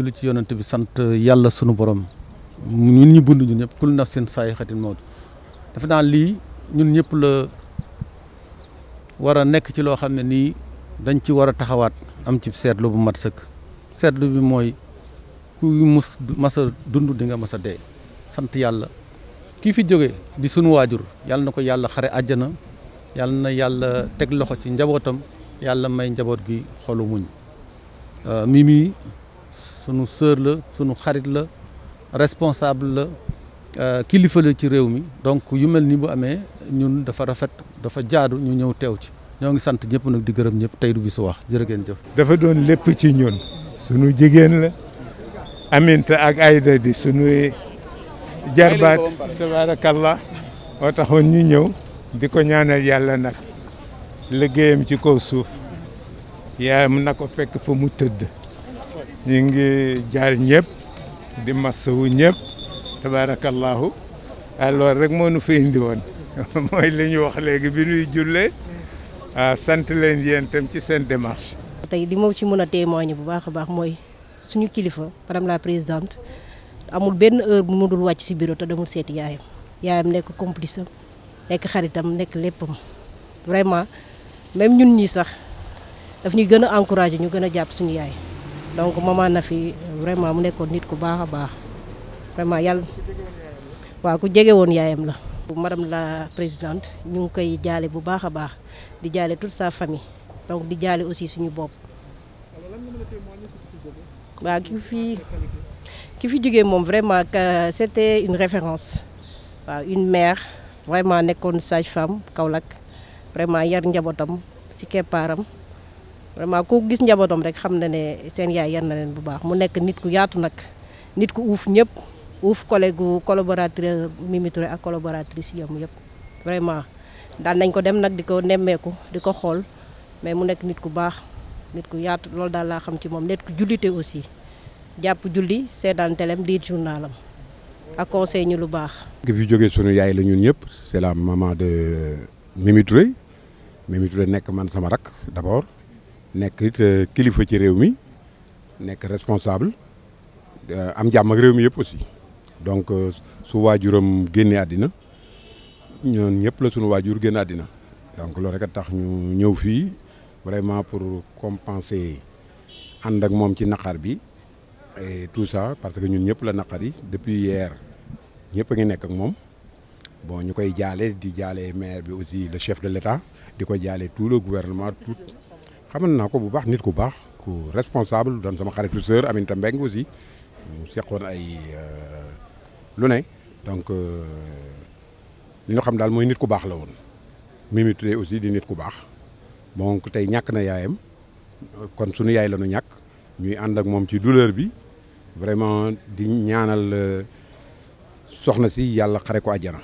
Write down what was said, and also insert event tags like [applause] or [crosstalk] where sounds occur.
julli ci yonent bi sant yàlla sunu borom ñun ñu bund ñun ñëpp kul naf seen saay xatin mawtu dafa naa lii ñun ñëpp la war a nekk ci loo xam ne nii dañ ci war a taxawaat am ci seetlu bu mat sëkk seetlu bi mooy ku mus mas dund di nga mas a dee sant yàlla kii fi jóge di sunu waajur yàlla na ko yàlla xare àjjana yàlla na yàlla teg loxo ci njabootam yàlla may njaboot gi xolu muñ mi sunu sœur la sunu xarit la responsable la euh, kilifa la ci réew mi donc yu mel ni bu amee ñun dafa rafet dafa jaadu ñu ñëw teew ci ñoo ngi sant ñëpp nag di gërëm ñëpp tey du bisu wax jërë ngeen jëf. dafa doon lépp ci ñun sunu jigéen la Aminta ak Aïda di sunuy jarbaat tabarakallah moo taxoon ñu ñëw bi ko ñaanal yàlla nag liggéeyam ci kaw suuf yaa na ko fekk fa mu tëdd. ñu ngi jaal ñëpp di masawu ñëpp tabaarakallaahu alors rek moo nu fi indi woon [laughs] mooy li wax léegi bi ñuy a ah, sant leen yéen ci seen démarche. tey di moo ci mën a témoigner bu baax a baax mooy suñu kilifa madame la présidente amul benn heure bu mu dul wàcc si bureau te demul seeti yaayam yaayam nekk complice am xaritam nekk léppam vraiment même ñun ñi sax daf ñuy gën a encourager ñu gën a jàpp suñu yaay. donc mama na fi vraiment mu nekkon nit ku baakha baax vraiment yalla wa ku jégué won yaayam la madame la présidente ñu ngi koy jaale bu baakha baax di jaale toute sa famille donc di jaale aussi suñu bop waaw ki fi ki fi jógee mom vraiment que c'était une référence wa une mère vraiment nekkon sage femme Kaolack vraiment yar njabootam si keppaaram vraiment ku gis njabootam rek xam na ne seen yaay yar na leen bu baax mu nekk nit ku yaatu nag nit ku uuf ñëpp uuf collègue collaborateur Mimi Touré ak collaboratrice yam yëpp vraiment daan nañ ko dem nag di ko nemmeeku di ko xool mais mu nekk nit ku baax nit ku yaatu loolu daal laa xam ci moom nit ku jullite aussi jàpp julli seetaan telem di journalam ak conseil ñu lu baax. ki fi jógee sunu yaay la ñun ñëpp c'est la maman de Mimi Touré Mimi Touré nekk man sama rak d'abord. nekk it euh, kilifa ci réew mi nekk responsable euh, am jàmm ak réew mi aussi donc euh, su waajuram génne àddina ñoon ñëpp la suñu waajur génn àddina donc loolu rek a tax ñu ñëw fii vraiment pour compenser and ak mom ci naqar bi et tout ça parce que ñun ñëpp la naqar yi depuis hier ñëpp a ngi nekk ak mom bon ñu jalé di jalé maire bi aussi le chef de l'État di ko jaale tout le gouvernement tout xamal naa ko bu baax nit ku baax ku responsable doon sama xaritu sœur Aminata Mbengue aussi mu seqoon ay euh, lu ne donc euh, li nga xam daal mooy nit ku baax la woon Mimi Touré aussi di nit ku baax donc tey ñàkk na yaayam kon sunu yaay la ñu ñàkk ñuy ànd ak moom ci douleur bi vraiment di ñaanal euh, soxna si yàlla xare ko àjjana.